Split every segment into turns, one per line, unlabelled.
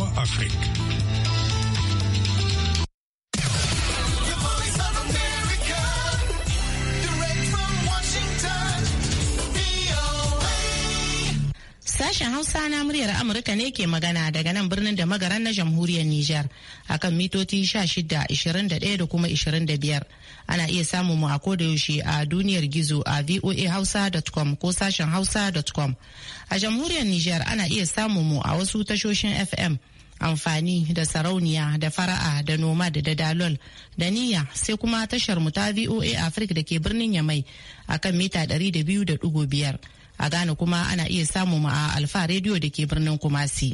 VOA Afrique.
Sashen Hausa na muryar Amurka ne ke magana daga nan birnin da magaran na jamhuriyar Nijar akan mitoti 16, da kuma 25. Ana iya samun mu a yaushe a duniyar gizo a voahausa.com ko sashen hausa.com. A jamhuriyar Nijar ana iya samun mu a wasu tashoshin FM. amfani da sarauniya da fara'a da nomad da dalol da niyya sai kuma tashar mu ta voa afirka da ke birnin yamai akan mita 200.5 A Ghana kuma ana iya samu ma a Alfa rediyo da ke birnin Kumasi.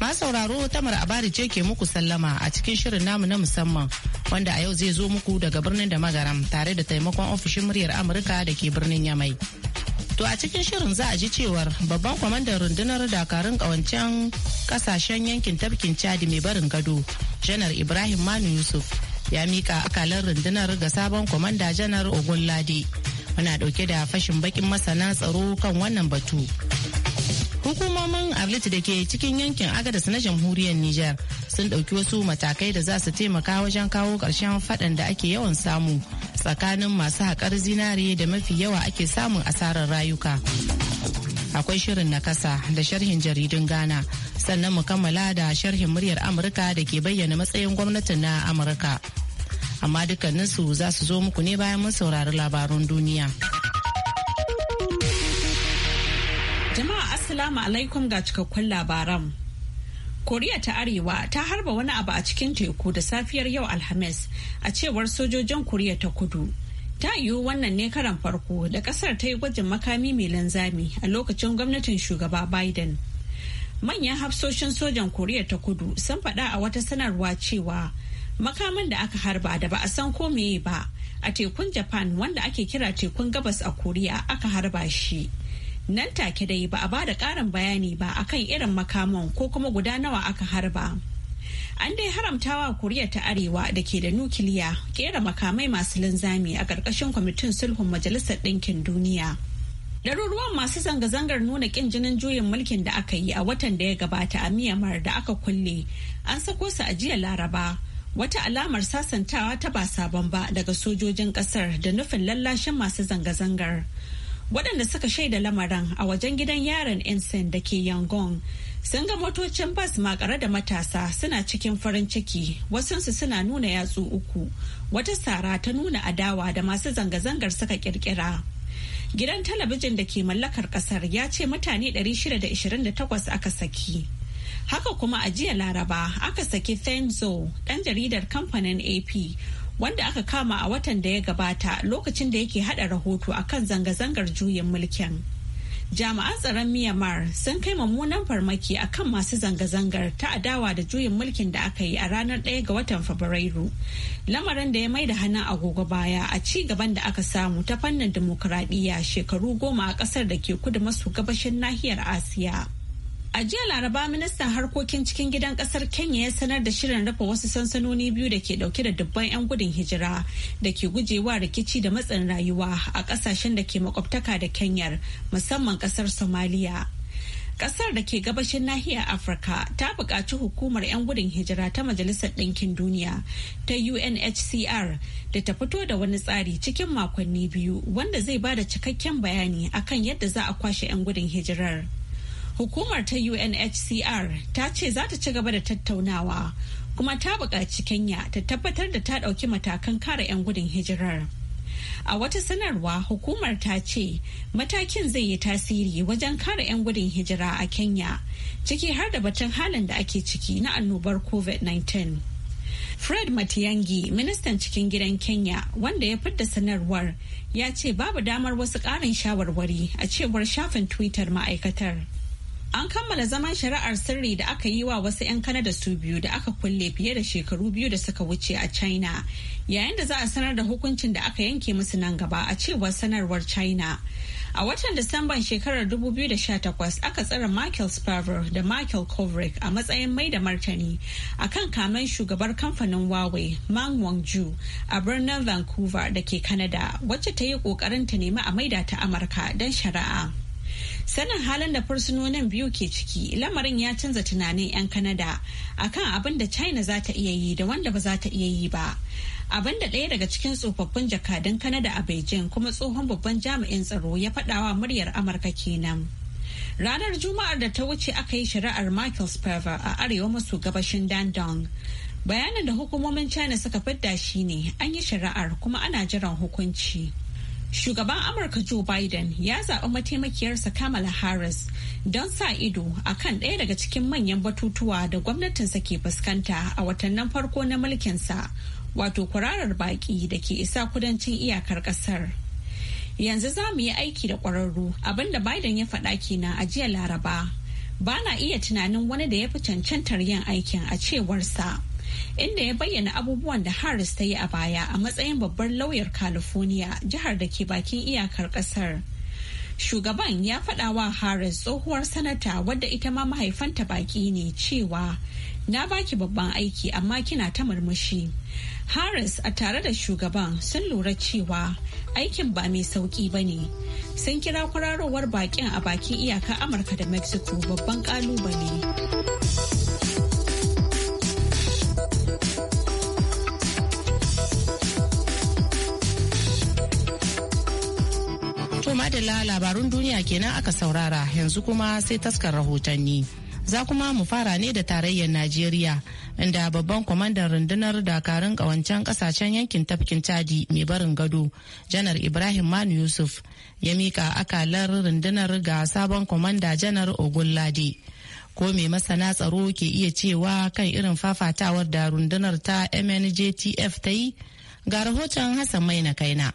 Ma sauraro Tamar Abari ce ke muku sallama a cikin shirin namu na musamman wanda a yau zai zo muku daga birnin da magaram tare da taimakon ofishin muryar Amurka da ke birnin Yamai. To a cikin shirin za a ji cewar babban kwamandan rundunar dakarun kawancen kasashen yankin tafkin Chadi mai barin gado, Janar Ibrahim Manu Yusuf ya mika akalar rundunar ga sabon kwamanda Janar ogun Ogunlade. muna dauke da fashin bakin masana tsaro kan wannan batu hukumomin arlit da ke cikin yankin agadas na jamhuriyar niger sun ɗauki wasu matakai da za su taimaka wajen kawo ƙarshen fadan da ake yawan samu tsakanin masu haƙar zinare da mafi yawa ake samun asarar rayuka akwai shirin na kasa da sharhin jaridun ghana sannan mu kammala da sharhin muryar amurka da ke bayyana matsayin gwamnatin na amurka amma dukkaninsu za su zo muku ne bayan mun saurari labarun duniya.
Jama'a Assalamu alaikum ga cikakkun labaran. Koriya ta Arewa ta harba wani abu a cikin teku da safiyar yau Alhamis a cewar sojojin Koriya ta Kudu. Ta yiwu wannan ne karan farko da kasar ta yi gwajin makami mai linzami a lokacin gwamnatin shugaba Biden. Manyan hafsoshin sojan Koriya ta Kudu sun faɗa a wata sanarwa cewa makaman da aka harba da ba a san ko meye ba a tekun japan wanda ake kira tekun gabas a koriya aka harba shi nan take dai ba a bada da karin bayani ba akan irin makaman ko kuma guda nawa aka harba an dai haramtawa koriya ta arewa da ke da nukiliya kera makamai masu linzami a karkashin kwamitin sulhun majalisar ɗinkin duniya Ɗaruruwan masu zanga-zangar nuna ƙin jinin juyin mulkin da aka yi a watan da ya gabata a miyamar da aka kulle an sako su a jiya Laraba wata alamar sasantawa ta ba sabon ba daga sojojin kasar da nufin lallashin masu zanga-zangar waɗanda suka shaida lamarin a wajen gidan yaron ensign da ke yangon sun ga motocin bas makare da matasa suna cikin farin ciki wasunsu suna nuna yatsu uku wata sara ta nuna adawa da masu zanga-zangar suka kirkira gidan talabijin da ke mallakar kasar ya ce mutane 628 aka saki Haka kuma a jiya Laraba aka saki fenzo ɗan jaridar kamfanin AP wanda aka kama a watan da ya gabata lokacin da yake hada rahoto akan zanga-zangar juyin mulkin. Jami'an tsaron Myanmar sun kai mummunan farmaki akan masu zanga-zangar ta adawa da juyin mulkin da aka yi a ranar 1 ga watan Fabrairu. Lamarin da ya mai da hannun agogo baya a ci gaban da aka samu ta fannin dimokuraɗiyya shekaru goma a ƙasar da ke kudu maso gabashin nahiyar Asiya. A jiya Laraba ministan harkokin cikin gidan kasar Kenya ya sanar da shirin rufe wasu sansanoni biyu da ke dauke da dubban 'yan gudun hijira da ke gujewa rikici da matsin rayuwa a kasashen da ke makwabtaka da Kenyar musamman kasar Somalia. Kasar da ke gabashin nahiyar Afirka ta buƙaci hukumar 'yan gudun hijira ta Majalisar Ɗinkin Duniya ta UNHCR da ta fito da wani tsari cikin makonni biyu wanda zai ba da cikakken bayani akan yadda za a kwashe 'yan gudun hijirar. Hukumar ta UNHCR ta ce za ta ci gaba da tattaunawa kuma ta buƙaci Kenya ta tabbatar da ta ɗauki matakan kare 'yan gudun hijirar. A wata sanarwa hukumar ta ce matakin zai yi tasiri wajen kare 'yan gudun hijira a Kenya ciki har da batun halin da ake ciki na annobar COVID-19. Fred Matiyangi, ministan cikin gidan Kenya wanda ya fidda sanarwar ya ce babu damar wasu ƙarin shawarwari a cewar shafin Twitter ma'aikatar. An kammala zaman shari'ar sirri da aka yi wa wasu 'yan Kanada su biyu da aka kulle fiye da shekaru biyu da suka wuce a China, yayin da za a sanar da hukuncin da aka yanke musu nan gaba a cewar sanarwar China. A watan Disamban shekarar 2018 aka tsara Michael Spavor da Michael Kovrig a matsayin mai da martani a kan kamen shugabar kamfanin Huawei Mang Wangju a birnin Vancouver da ke Canada wacce ta yi ƙoƙarin ta nemi a maida ta Amurka don shari'a. sanin halin da fursunonin biyu ke ciki lamarin ya canza tunanin 'yan kanada akan abin da china za ta iya yi da wanda ba za ta iya yi ba abin da ɗaya daga cikin tsofaffin jakadun kanada a beijing kuma tsohon babban jami'in tsaro ya faɗawa muryar amurka kenan ranar juma'ar da ta wuce aka yi shari'ar michael spavor a arewa maso gabashin dandong bayanin da hukumomin china suka fidda shi ne an yi shari'ar kuma ana jiran hukunci. Shugaban Amurka Joe Biden ya zaɓi mataimakiyarsa Kamala Harris don sa ido a kan ɗaya daga cikin manyan batutuwa da gwamnatinsa ke fuskanta a watannin farko na mulkinsa, wato kwararar baƙi da ke isa kudancin iyakar ƙasar. Yanzu za mu yi aiki da ƙwararru abinda Biden ya faɗa kenan a jiya Laraba. Ba na iya tunanin wani da ya fi cancantar yin aikin a cewarsa. inda ya bayyana abubuwan da Harris ta yi a baya a matsayin babbar lauyar California jihar da ke bakin iyakar kasar. Shugaban ya faɗa wa Harris tsohuwar sanata wadda ita ma mahaifanta baki ne cewa na baki babban aiki amma kina ta murmushi. Harris a tare da shugaban sun lura cewa aikin ba mai sauki ba ne. Sun kira kwararowar bakin a bakin iyakar Amurka da Mexico babban kalubale.
madala labarun duniya kenan aka saurara yanzu kuma sai taskar rahotanni. Za kuma mu fara ne da tarayyar Najeriya inda babban kwamandan rundunar dakarun kawancen kasashen yankin tafkin Chadi mai barin gado, Janar Ibrahim Manu Yusuf ya mika akalar rundunar ga sabon kwamanda Janar ogun ladi ko mai masana tsaro ke iya cewa kan irin fafatawar da rundunar ta mnjtf ta yi ga rahoton hassan mai na kaina.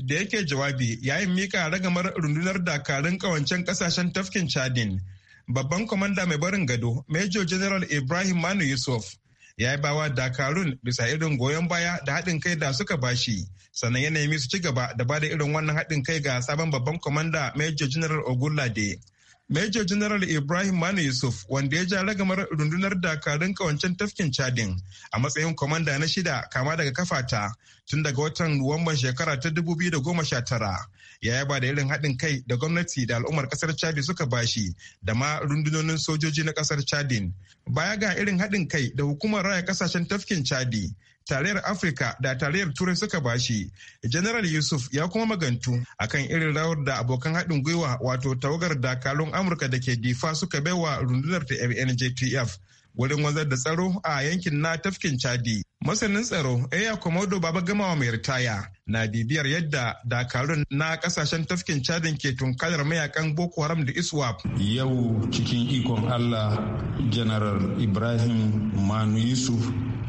da yake jawabi yayin mika ragamar rundunar dakarun kawancen kasashen tafkin chadin babban kwamanda mai barin gado major general ibrahim manu yusuf ya yi bawa dakarun bisa irin goyon baya da haɗin kai da suka bashi sannan yanayi su ci gaba da bada irin wannan haɗin kai ga sabon babban kwamanda major general ogunlade Major General Ibrahim Mani Yusuf wanda ya ja ragamar rundunar dakarun kawancen tafkin Chadin a matsayin kwamanda na shida kama daga kafata tun daga watan Nuwamban shekara ta 2019 ya yaba da irin haɗin kai da gwamnati da al'ummar ƙasar chadi suka bashi da ma rundunonin sojoji na ƙasar chadin baya ga irin haɗin kai da hukumar raya ƙasashen tafkin chadi tarayyar afirka da tarayyar turai suka bashi general yusuf ya kuma magantu akan irin rawar da abokan haɗin gwiwa wato tawagar dakalun amurka da ke difa suka baiwa rundunar ta fnjtf wurin wanzar da tsaro a yankin na tafkin chadi Masanin tsaro Eya Komodo Baba Gamawa mai ritaya na bibiyar yadda dakarun na kasashen
tafkin cadin ke tunkarar mayakan Boko Haram da ISWAP. Yau cikin ikon Allah General Ibrahim Manu Yusuf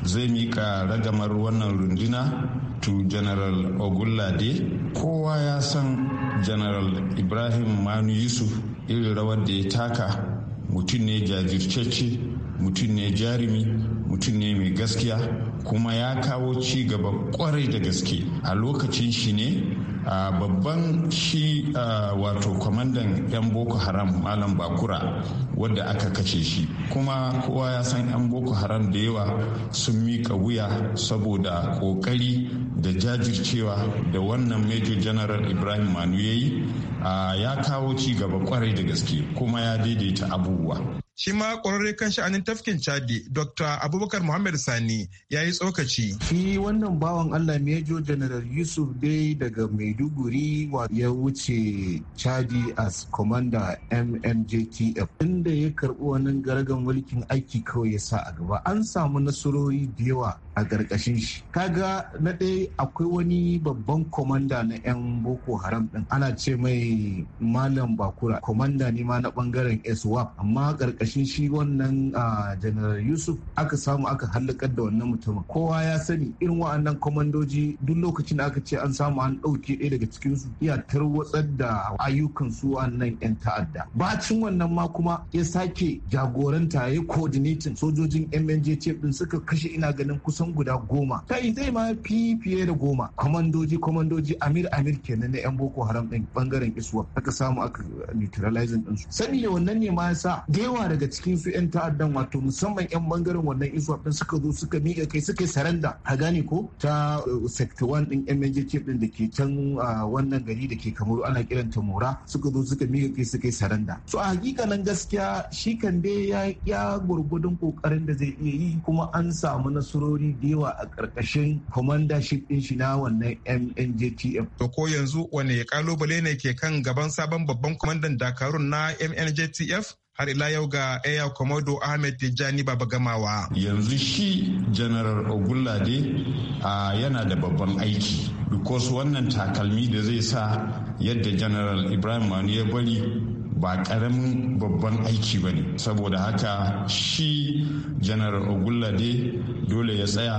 zai mika ragamar wannan runduna to General Ogunlade. Kowa ya san General Ibrahim Manu Yusuf irin rawar da ya taka mutum ne jajircece mutum ne jarumi mutum ne mai gaskiya kuma ya kawo ci gaba kwarai da gaske a lokacin shi ne a babban shi wato kwamandan 'yan boko haram malam bakura wadda aka kace shi kuma kowa ya san 'yan boko haram da yawa sun miƙa wuya saboda ƙoƙari da jajircewa da wannan major general ibrahim manu ya yi ya kawo ci gaba kwarai da gaske kuma ya daidaita abubuwa shi
ma kwararre kan sha'anin tafkin chadi dr abubakar muhammad sani ya yi tsokaci shi wannan bawan allah major general yusuf dai daga maiduguri wa ya
wuce chadi as commander mmjtf inda ya karbi wannan garagan mulkin aiki kawai ya sa a gaba an samu nasarori da yawa a ƙarƙashin shi kaga na ɗaya akwai wani babban komanda na 'yan boko haram ɗin ana ce mai malam bakura komanda ne ma na ɓangaren swap amma ƙarƙashin shi wannan janar yusuf aka samu aka hallakar da wannan mutumin kowa ya sani irin wa'annan komandoji duk lokacin da aka ce an samu an ɗauke ɗaya daga cikinsu iya tarwatsar da ayyukan su wannan 'yan ta'adda bacin wannan ma kuma ya sake jagoranta ya coordinating sojojin mnj ɗin suka kashe ina ganin kusa sun guda goma kai zai ma fi fiye da goma kwamandoji kwamandoji amir amir kenan na yan boko haram din bangaren isuwa aka samu aka neutralizing din su sabida wannan ne ma yasa da yawa daga cikin su yan ta'addan wato musamman yan bangaren wannan isuwa din suka zo suka miƙa kai suka saranda a gane ko ta uh, sector one din chief din da ke can uh, wannan gari da ke kamaru ana kiranta mora suka zo suka miƙa kai suka saranda so a hakika nan gaskiya shi kan dai ya gurgudun kokarin da zai iya yi kuma an samu nasarori da yawa a ƙarƙashin
commandership ɗin shi na wannan MNJTF. To ko yanzu wane kalubale ne ke kan gaban sabon babban kwamandan Dakarun na MNJTF? har ila yau ga Air
Komodo Ahmed Tijjani Baba Gamawa. Yanzu shi General Ogunlade yana da babban aiki because wannan takalmi da zai sa yadda General Ibrahim Manu ya bari ba karamin babban aiki ba ne saboda haka shi janar ogullade dole ya tsaya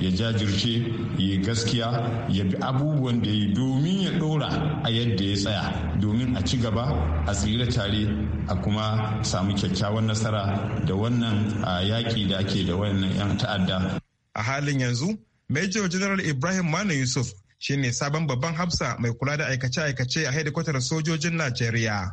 ya jajirce ya gaskiya ya bi abubuwan da ya domin ya dora a yadda ya tsaya domin a ci gaba a tsira tare a kuma samu kyakkyawan nasara da wannan a yaƙi da ake da wannan 'yan ta'adda a halin yanzu
major general ibrahim mana yusuf shine sabon babban hafsa mai kula da aikace-aikace a hedikwatar sojojin najeriya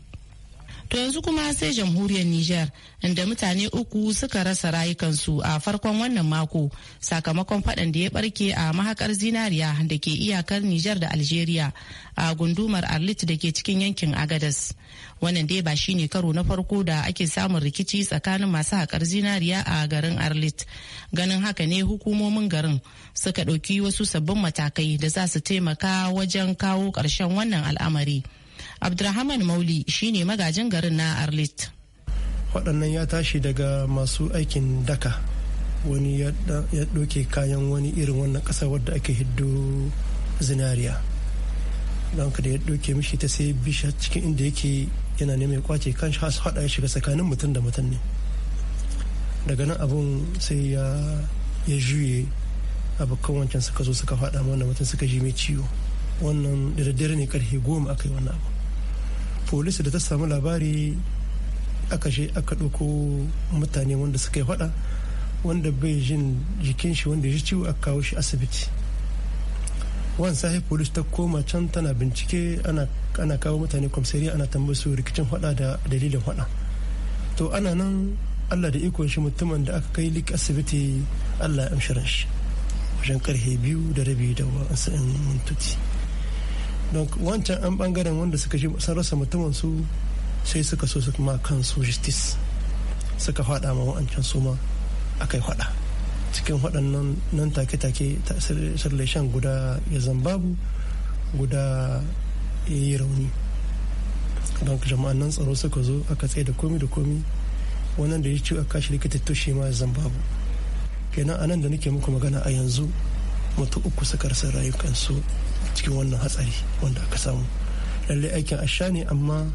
To yanzu kuma sai jamhuriyar Nijar inda mutane uku suka rasa rayukansu a farkon wannan mako sakamakon faɗan da ya barke a mahakar zinariya da ke iyakar Nijar da Algeria a gundumar Arlit da ke cikin yankin Agadas. Wannan dai ba shine karo na farko da ake samun rikici tsakanin masu haƙar zinariya a garin Arlit. Ganin haka ne hukumomin garin suka ɗauki wasu sabbin matakai da za su taimaka wajen kawo ƙarshen wannan al'amari. abdulrahman mauli shine magajin garin na arlit
waɗannan ya tashi daga masu aikin daka wani ya ɗauke kayan wani irin wannan ƙasa wadda ake hiddo zinariya don da ya ɗauke mishi ta sai bisha cikin inda yake yana neman ya kwace kan shi haɗa ya shiga tsakanin mutum da mutum ne daga nan abun sai ya juye abokan wancan suka zo suka faɗa wannan mutum suka ji mai ciwo wannan da ne karfe goma aka yi wannan abu polisi da ta samu labari aka je aka ɗauko mutane wanda suka yi faɗa wanda bai jin jikin shi wanda ya ciwo aka kawo shi asibiti wani sahi polis ta koma can tana bincike ana kawo mutane kwamsari ana tambar su rikicin faɗa da dalilin faɗa to ana nan allah da ikon shi mutumin da aka kai lik asibiti allah ya ran shi wajen karhe biyu da rabi da wa'ansu mintoci don wancan an bangaren wanda suka shi sun rasa mutumin su sai suka so su kan su justice suka fada ma wa'ancan su ma aka yi fada cikin waɗannan nan take-take shan guda ya zambabu guda ya yi rauni don jama'an nan tsaro suka zo aka tsaye da komi da komi wannan da ya ci a kashi likita tushe ma ya zambabu kenan anan da nake muku magana a yanzu mutu uku suka rasa rayukansu cikin wannan hatsari wanda aka samu lallai aikin asha ne amma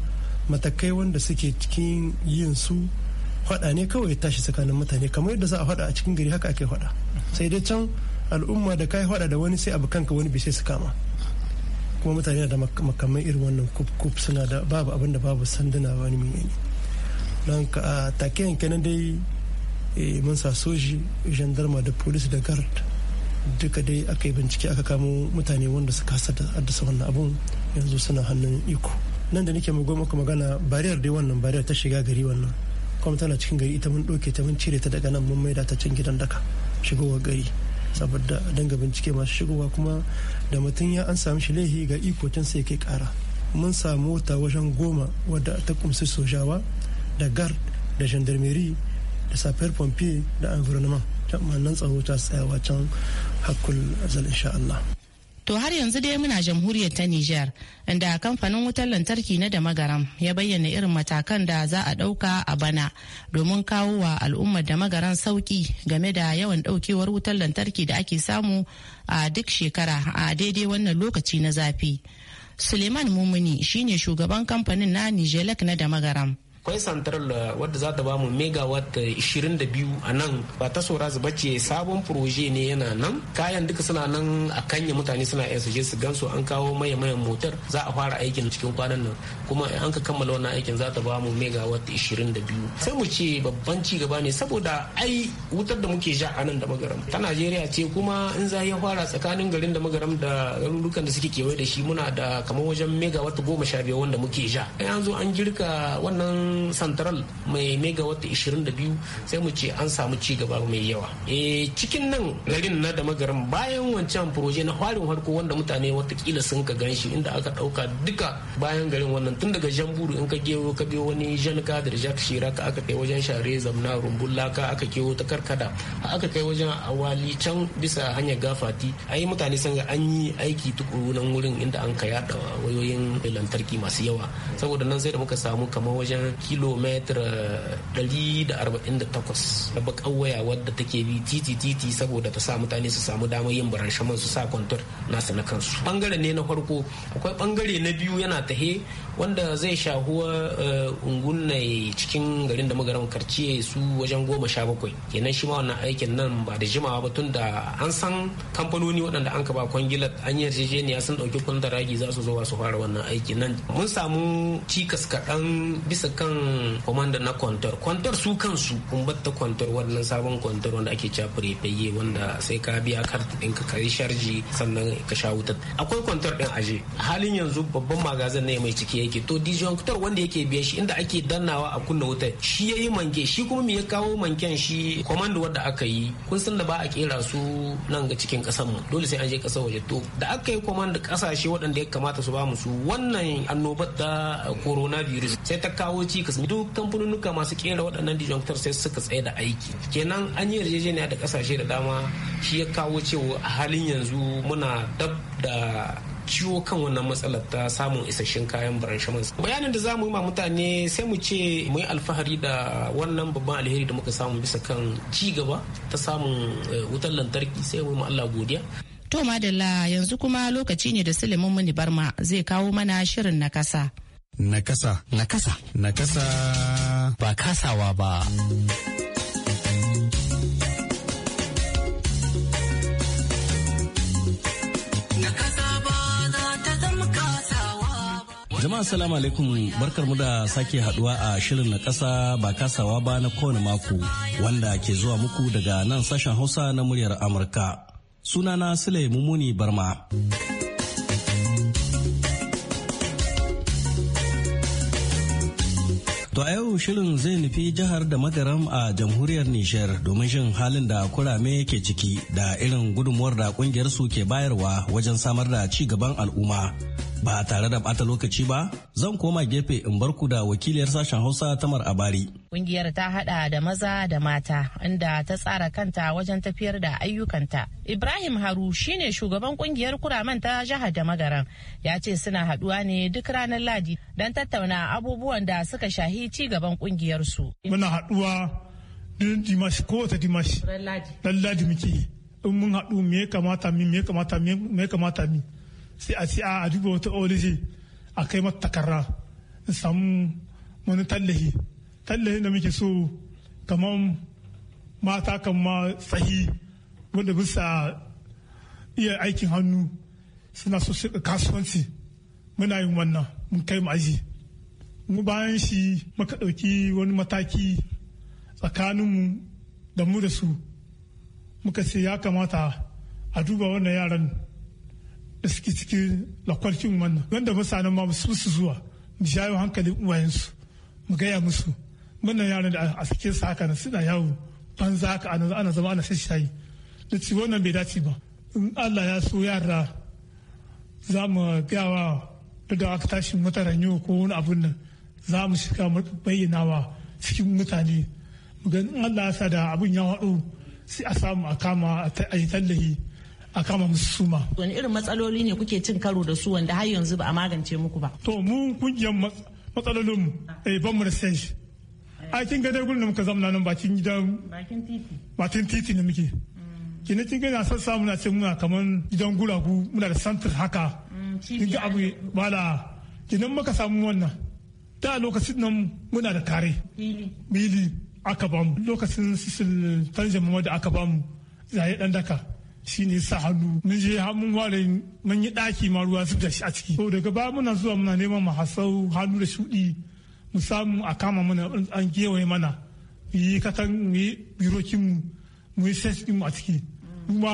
matakai wanda suke cikin yin su fada ne kawai tashi tsakanin mutane kamar yadda za a fada a cikin gari haka ake fada sai dai can al'umma da kai wada da wani sai abu kanka wani bi su kama kuma mutane da makamai irin wannan kuf suna da babu abin da babu sanduna wani mai ne don ka take yankanan dai eh, mun sa soji gendarma da polis da guard duka dai aka yi bincike aka kamo mutane wanda suka haddasa wannan abun yanzu suna hannun iko nan da nake mugo muku magana bariyar dai wannan bariyar ta shiga gari wannan kuma tana cikin gari ita mun ɗauke ta mun cire ta daga nan mun maida ta can gidan daka shigowar gari saboda danga bincike masu shigowa kuma da mutum ya an samu shi laihi ga iko can sai kai kara mun samu wata wajen goma wadda ta kumsi sojawa da gar da gendarmerie da safiyar pompier da environnement jami'an tsaro ta tsaya can hakul azal insha Allah.
To har yanzu dai muna jamhuriyar ta Nijar, inda kamfanin wutar lantarki na da magaram ya bayyana irin matakan da za a ɗauka a bana domin kawo wa al'ummar da magaran sauki game da yawan ɗaukewar wutar lantarki da ake samu a duk shekara a daidai wannan lokaci na zafi. Suleiman Mumuni shine shugaban kamfanin na Nijelek na da magaram.
akwai santral wadda za ta ba mu megawatt 22 a nan ba ta sora zuba ce sabon proje ne yana nan kayan duka suna nan a kanya mutane suna iya su su gansu an kawo maye mayan motar za a fara aikin cikin kwanan nan kuma an ka kammala wannan aikin za ta ba mu megawatt 22 sai mu ce babban ci gaba ne saboda ai wutar da muke ja a nan da magaram ta Najeriya ce kuma in za ya fara tsakanin garin da magaram da garurukan da suke kewaye da shi muna da kamar wajen megawatt 15 wanda muke ja an zo an girka wannan santral central mai megawatt 22 sai mu ce an samu ci gaba mai yawa e cikin nan garin na da magaran bayan wancan proje na farin harko wanda mutane watakila sun ka gan shi inda aka dauka duka bayan garin wannan tun daga jamburu in ka gewo ka biyo wani jan kadar jak shira ka aka kai wajen share zamna rumbulla ka aka kewo ta karkada aka kai wajen awali can bisa hanyar gafati ai mutane sun ga an yi aiki tukuru nan wurin inda an ka yada wayoyin lantarki masu yawa saboda nan sai da muka samu kamar wajen kilometer eh, 148 na bakar waya wadda take bi titi titi saboda ta sa mutane su samu damar yin baranshaman su sa kwantar nasu na kansu bangare ne na farko akwai bangare na biyu yana tahe wanda zai shahuwa eh, ungun cikin garin da magaran karciye su wajen goma sha bakwai kenan shi ma wannan aikin nan ba da jimawa ba tun da an san kamfanoni waɗanda an ba kwangilar an yarjejeniya sun ɗauki ragi za su zo su fara wannan aiki nan mun samu cikas kaɗan bisa kan komandan na kwantar kwantar su kansu kun batta kwantar wannan sabon kwantar wanda ake cewa prepaye wanda sai ka biya karta din ka kai sharji sannan ka sha wutar akwai kwantar din aje halin yanzu babban magazin ne mai ciki yake to kutar wanda yake biya shi inda ake dannawa a kunna wutar shi yayi manke shi kuma me ya kawo manken shi komando wanda aka yi kun san da ba a kera su nan ga cikin kasar mu dole sai an je kasar waje to da aka yi komando kasashe waɗanda ya kamata su ba mu su wannan annobar korona coronavirus sai ta kawo ci cikas duk kamfanonuka masu kera waɗannan disjunctors sai suka tsaye da aiki kenan an yi yarjejeniya da kasashe da dama shi ya kawo cewa a halin yanzu muna dab da ciwo kan wannan matsalar ta samun isasshen kayan baranshaman bayanin da za mu yi ma mutane sai mu ce mu yi alfahari da wannan babban alheri da muka samu bisa kan ci gaba ta samun eh, wutar lantarki sai mu yi Allah godiya
to madalla yanzu kuma lokaci ne da suleiman muni barma zai kawo mana shirin na kasa
Nakasa. Nakasa. Nakasa. Ba kasawa ba.
Jama'a salamu alaikum barkar mu da sake haduwa a shirin na kasa ba kasawa ba na kowane mako wanda ke zuwa muku daga nan sashen hausa na muryar Amurka. Sunana Sule Mumuni Barma. shirin zai nufi jihar da madaram a jamhuriyar Nijar domin shin halin da kurame ke ciki da irin gudunmuwar da kungiyar su ke bayarwa wajen samar da ci gaban al'umma. Ba tare da bata lokaci ba, zan koma gefe in bar ku da wakiliyar sashen Hausa Tamar Abari.
Kungiyar ta hada da maza da mata inda ta tsara kanta wajen tafiyar da ayyukanta. Ibrahim Haru shine shugaban kungiyar kuraman ta jihar da magaran. Ya ce suna haduwa ne duk ranar Ladi don tattauna abubuwan da suka shahi ci gaban kungiyar su.
Muna haduwa duk Dimash kowace Dimash. Dan Ladi. muke. In mun haɗu me kamata mi me kamata mi me kamata mi. sai a a duba wata olisi a kai mata takarra in samu wani tallahi tallahin da muke so kamar mata kan ma sahi wanda bisa iya aikin hannu suna so shiga kasuwanci muna yin wannan mun kai mu aji mu bayan shi muka ɗauki wani mataki tsakaninmu da mu da su muka ce ya kamata a duba wannan yaran da suke cikin lakwarkin wannan wanda mutanen ma su su zuwa mu shayo hankalin uwayensu mu gaya musu muna yaran da a cikin sa haka suna yawo banza ka ana zama ana shayi da ci wannan bai dace ba in Allah ya so yara za mu gawa da aka tashi mutaran yau ko wani abun nan za mu shiga bayyanawa cikin mutane mu ga in Allah ya sa da abun ya haɗu sai a samu a kama a yi tallahi a kama musu suma. Wani irin matsaloli ne kuke cin karo da su wanda har yanzu ba a magance muku ba? To mu kungiyar matsalolin mu eh, ban mu da sense. A kin ga dai gurin da muka zamna nan bakin gidan
bakin titi.
Bakin titi ne muke. Kina kin ga na san samu na ce muna kaman gidan guragu muna da santir haka. Mm, kin ga abu bala kinan muka samu wannan. Da lokacin nan muna da kare. Mili. Mili aka bamu lokacin sisil tanjin da aka bamu zaye ɗan daka ne sa hannu mun je har mun ware mun yi daki ma ruwa su da shi a ciki to daga baya muna zuwa muna neman mu hasau hannu da shudi mu samu a kama mana an gewaye mana yi katan mu yi birokin mu mu yi mu a ciki kuma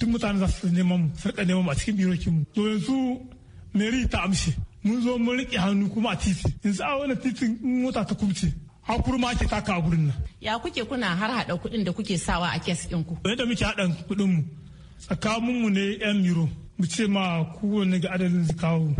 duk mutane za su neman mu sarka neman mu a cikin birokin mu to yanzu meri ta amshe mun zo mun riƙe hannu kuma a titi yanzu a wani titin mota ta kubce ma ake taka a gurin nan.
Ya kuke kuna har haɗa kuɗin da kuke sawa a kes ɗin ku?
Yadda muke haɗa kuɗin mu tsakanin mu ne yan miro mu ce ma kowane ga adadin zikawo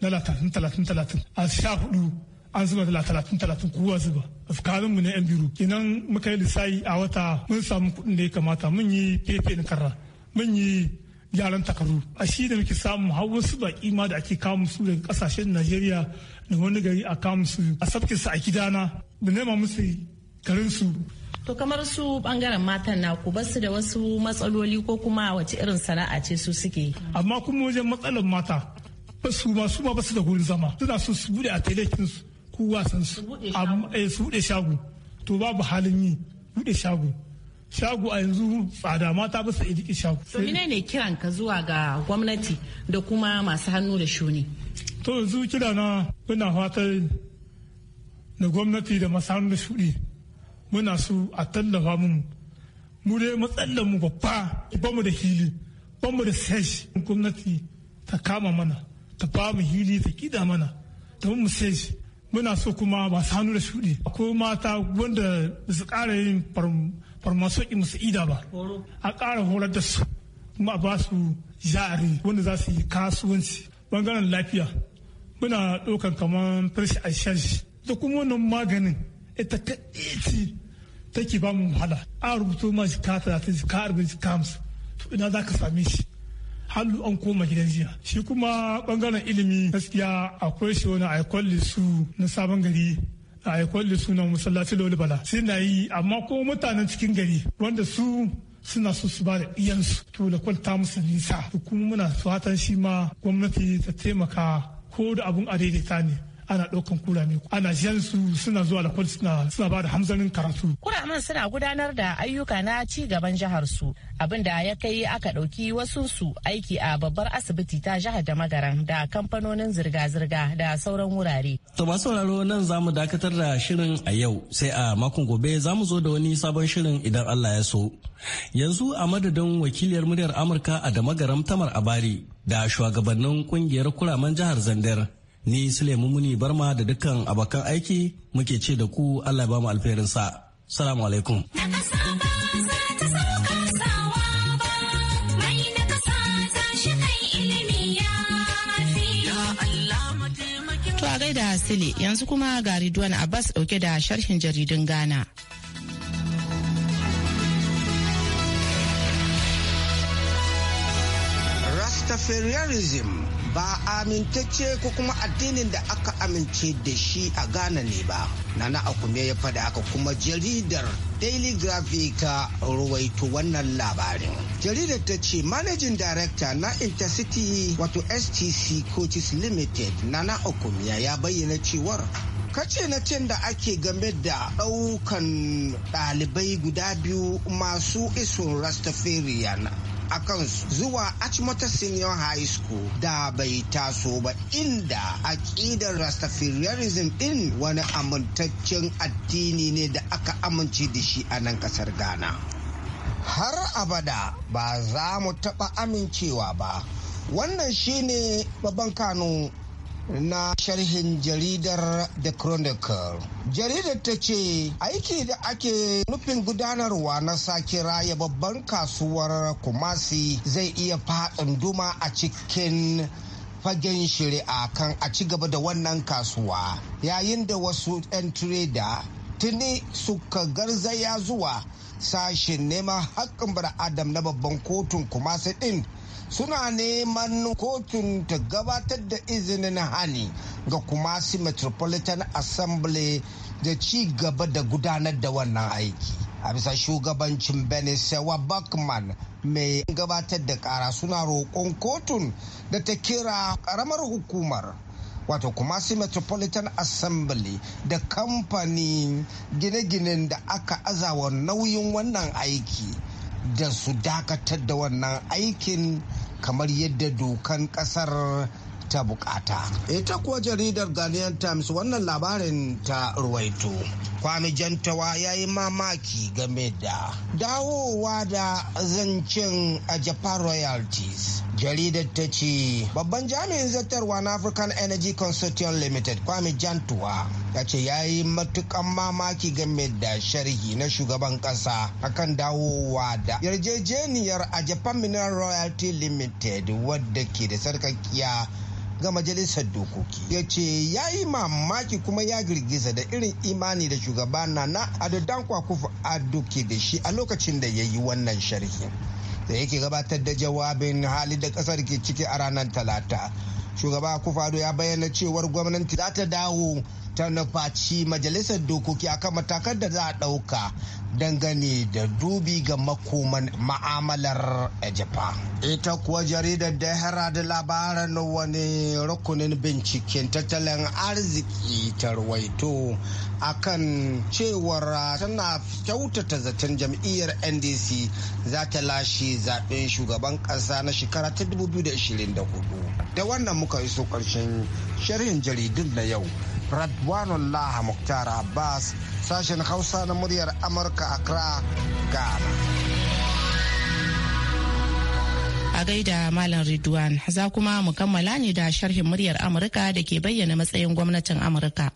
na talatin talatin talatin a sha hudu an zuba talatin talatin kowa zuba tsakanin mu ne yan miro kenan muka yi lissayi a wata mun samu kuɗin da ya kamata mun yi fefe na karra mun yi gyaran takardu a shi da muke samu har wasu baƙi ma da ake kawo su daga ƙasashen Najeriya da wani gari a kawo su a sabkin su a gidana da nema musu garin su
To kamar su bangaren matan na ku basu da wasu matsaloli ko kuma wace irin sana'a ce su suke.
Amma kuma wajen matsalar mata basu ma su ma basu da gurin zama suna so su bude a telekin su ku wasan su su bude eh, shago to babu halin yi bude shago shago a yanzu tsada mata basu idiki shago. To ne
kiran ka zuwa ga gwamnati da kuma masu hannu da shuni.
to yanzu kira na muna fatar da gwamnati da masarar da shuɗi muna su a tallafa mu mu dai matsalar mu babba ba mu da hili ba mu da sesh gwamnati ta kama mana ta ba mu hili ta kida mana ta mu sesh muna so kuma ba sanu da shuɗi ko mata wanda su ƙara yin farmasoki musu ida ba a ƙara horar da su kuma a ba su jari wanda za su yi kasuwanci bangaren lafiya muna ɗaukan kamar fresh ashes da kuma wannan maganin ita ka iti take ba mu wahala a rubuto ma shi ka jika shi ka arba'in shi hamsin to ina za ka same shi halu an koma gidan jiya shi kuma ɓangaren ilimi gaskiya akwai shi wani aikon su na sabon gari a aikon su na masallaci loli bala na yi amma ko mutanen cikin gari wanda su suna so su ba da iyansu to da kwalta musu nisa kuma muna fatan shi ma gwamnati ta taimaka ko da abun a daidaita ne ana ɗaukan kurame ana jan su suna zuwa da kwal suna suna ba da hamzanin karatu.
Kuramen suna gudanar da ayyuka na ci gaban jihar su da ya kai aka ɗauki wasu su aiki a babbar asibiti ta jihar da magaran da kamfanonin zirga-zirga da sauran wurare.
To masu sauraro nan zamu dakatar da shirin a yau sai a makon gobe zamu zo da wani sabon shirin idan Allah ya so. Yanzu a madadin wakiliyar muryar Amurka a da magaram Tamar Abari da shugabannin kungiyar kuraman jihar Zandar. Ni Suleiman Muni Barma da dukkan abokan aiki muke ce da ku Allah ba mu sa Salamu alaikum.
To a gaida Sile yanzu kuma ga Ridwan Abbas dauke da sharhin jaridun
Ghana. rastafarianism ba amintacce ko kuma addinin da aka amince da shi a ghana ne ba nana akume ya faɗa haka kuma jaridar daily graphic ruwaito wannan labarin jaridar ta ce managing director na intercity wato stc coaches limited nana Akumiya ya bayyana cewar kace na cin da ake game da ɗaukan ɗalibai guda biyu masu isun rastafarian a kansu zuwa achimota Senior High School da bai taso ba inda aƙidar Rastafarianism din? wani amintaccen addini ne da aka amince da shi a nan ƙasar Ghana. Har abada ba za mu taɓa amincewa ba. Wannan shine babban kano na sharhin jaridar The Chronicle. Jaridar ta ce aiki da ake nufin gudanarwa na sake raya babban kasuwar Kumasi zai iya faɗin duma a cikin fagen shari'a kan a ci gaba da wannan kasuwa yayin da wasu 'yan tireda tuni suka garzaya zuwa sashen neman haƙƙin adam na babban kotun kumasi ɗin suna neman kotun ta gabatar da izinin hani ga kumasi metropolitan assembly da ci gaba da gudanar da wannan aiki a bisa shugabancin benisewa bakman mai gabatar da kara suna roƙon kotun da ta kira karamar hukumar wato kumasi metropolitan assembly da kamfanin gine gine da aka azawa nauyin wannan aiki da su dakatar da wannan aikin kamar yadda dokan kasar ta bukata. Ita kuwa jaridar Ghanaian Times wannan labarin ta ruwaito. Kwami Jantawa ya yi mamaki game da dawowa da zancen a Japan Royalties. Jaridar ta ce, Babban jami'in zartarwa na African Energy Consortium Limited, Kwami Jantawa ya ce ya yi matukan mamaki game da sharhi na shugaban kasa akan dawowa da yarjejeniyar a japan mineral royalty limited wadda ke da sarkakiya ga majalisar dokoki ya ce ya yi mamaki kuma ya girgiza da irin imani da shugaba na na adadan kwakufu a ke da shi a lokacin da ya yi wannan sharhi da yake gabatar da jawabin hali da kasar ke ciki a ranar talata shugaba kufado ya bayyana cewar gwamnati za ta dawo ta nufaci majalisar dokoki akan matakan da za a ɗauka dangane da dubi ga makoman ma'amalar japan ita kuwa jaridar da hera da labaran wani rukunin binciken tattalin arziki ta a akan cewar tana kyautata zaton jam'iyyar ndc za ta lashe zaben shugaban ƙasa na shekara ta 2024 da wannan muka iso ƙarshen sharhin jaridun na yau Radwanullah Muktar Abbas sashen Hausa na muryar Amurka Accra, Ghana.
A gaida Malam Ridwan za kuma mu kammala ne da sharhin muryar Amurka da ke bayyana matsayin gwamnatin Amurka.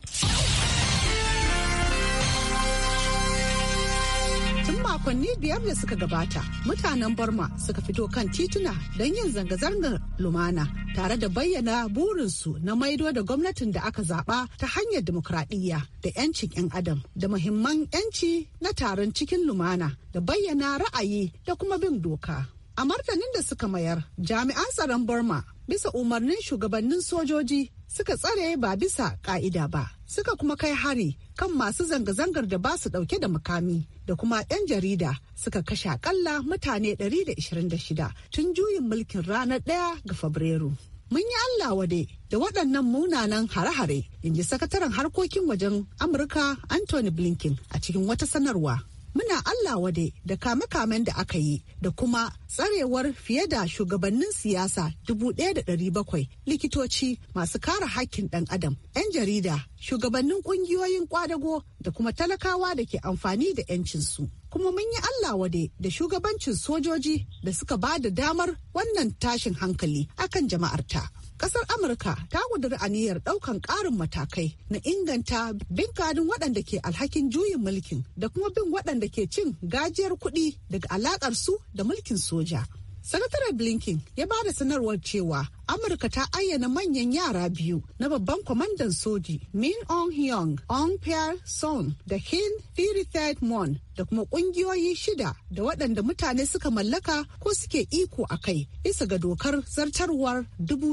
makonni biyar da suka gabata mutanen Burma suka fito kan tituna don yin zanga-zangar lumana tare da bayyana burinsu na maido da gwamnatin da aka zaba ta hanyar demokradiyya da 'yancin 'yan adam da muhimman 'yanci na taron cikin lumana da bayyana ra'ayi da kuma bin doka. A martanin da suka mayar, jami'an tsaron Burma bisa umarnin shugabannin sojoji suka tsare ba bisa ka'ida ba. suka kuma kai hari kan masu zanga-zangar da ba su dauke da makami da kuma 'yan jarida suka kashe akalla mutane 126 tun juyin mulkin ranar 1 ga Fabrairu. Mun yi Allah wade da waɗannan munanan hare-hare, in ji sakataren harkokin wajen Amurka Anthony Blinken a cikin wata sanarwa. muna Allah wade da kame-kamen da aka yi da kuma tsarewar fiye da shugabannin siyasa 1,700 likitoci masu kare hakkin ɗan adam 'yan jarida shugabannin ƙungiyoyin kwadago da kuma talakawa da ke amfani da 'yancinsu kuma mun yi Allah wade da shugabancin sojoji da suka ba da damar wannan tashin hankali akan jama'arta. kasar amurka ta ƙudiri aniyar ɗaukan ƙarin matakai na inganta bin kadin waɗanda ke alhakin juyin mulkin da kuma bin waɗanda ke cin gajiyar kuɗi daga alaƙar su da mulkin soja Sakataren Blinken ya ba da sanarwar cewa Amurka ta ayyana manyan yara biyu na babban kwamandan soji Min ong Hyung, ong pyar Son da Hin Third Mon da kuma kungiyoyi shida da waɗanda mutane suka mallaka ko suke iko a kai isa ga dokar zartarwar dubu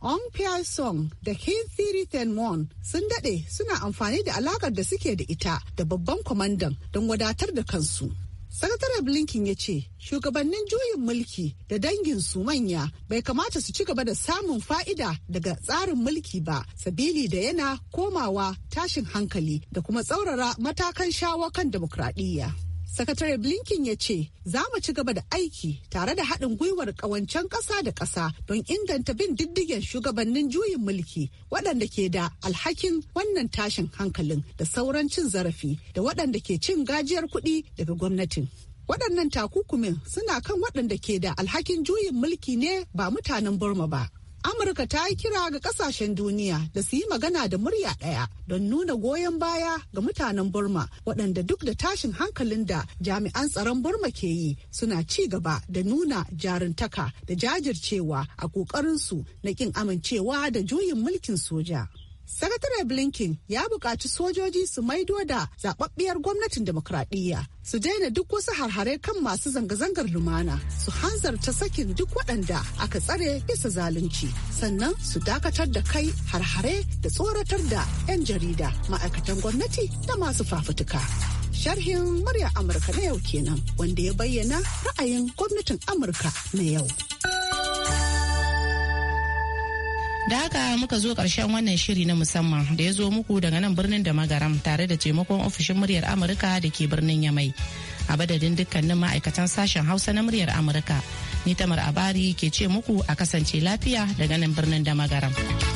Ong Pyar Song da Hin Thiri Mon sun daɗe suna amfani da alakar da suke da ita da babban kwamandan don wadatar da kansu. sakataren blinken ya ce shugabannin juyin mulki da dangin su manya bai kamata su ci gaba da samun fa'ida daga tsarin mulki ba sabili da yana komawa tashin hankali da kuma tsaurara matakan shawo kan demokradiyya. sakatare blinken ya ce za mu ci gaba da aiki tare da haɗin gwiwar ƙawancen ƙasa da ƙasa don inganta bin diddigen shugabannin juyin mulki waɗanda ke da alhakin wannan tashin hankalin da sauran cin zarafi da waɗanda ke cin gajiyar kuɗi daga gwamnatin waɗannan takukumin suna kan waɗanda ke da alhakin juyin mulki ne ba mutanen burma ba Amurka ta yi kira ga kasashen duniya da su yi magana da murya ɗaya don nuna goyon baya ga mutanen Burma waɗanda duk da tashin hankalin da jami'an tsaron Burma ke yi suna ci gaba da nuna jaruntaka da jajircewa a ƙoƙarinsu na ƙin amincewa da juyin mulkin soja. sakatare blinken ya buƙaci sojoji su maido da zaɓaɓɓiyar gwamnatin demokradiyya su daina duk wasu harhare kan masu zanga-zangar lumana su hanzarta sakin duk waɗanda aka tsare bisa zalunci sannan su dakatar da kai harhare da tsoratar da 'yan jarida ma'aikatan gwamnati da masu fafutuka sharhin murya amurka na yau kenan wanda ya bayyana ra'ayin gwamnatin amurka na yau.
Da haka muka zo ƙarshen wannan shiri na musamman da ya zo muku daga nan birnin da magaram tare da taimakon ofishin muryar Amurka da ke birnin Yamai. A badadin dukkanin ma'aikatan sashen Hausa na muryar Amurka, ni Tamar Abari ke ce muku a kasance lafiya daga nan birnin da magaram.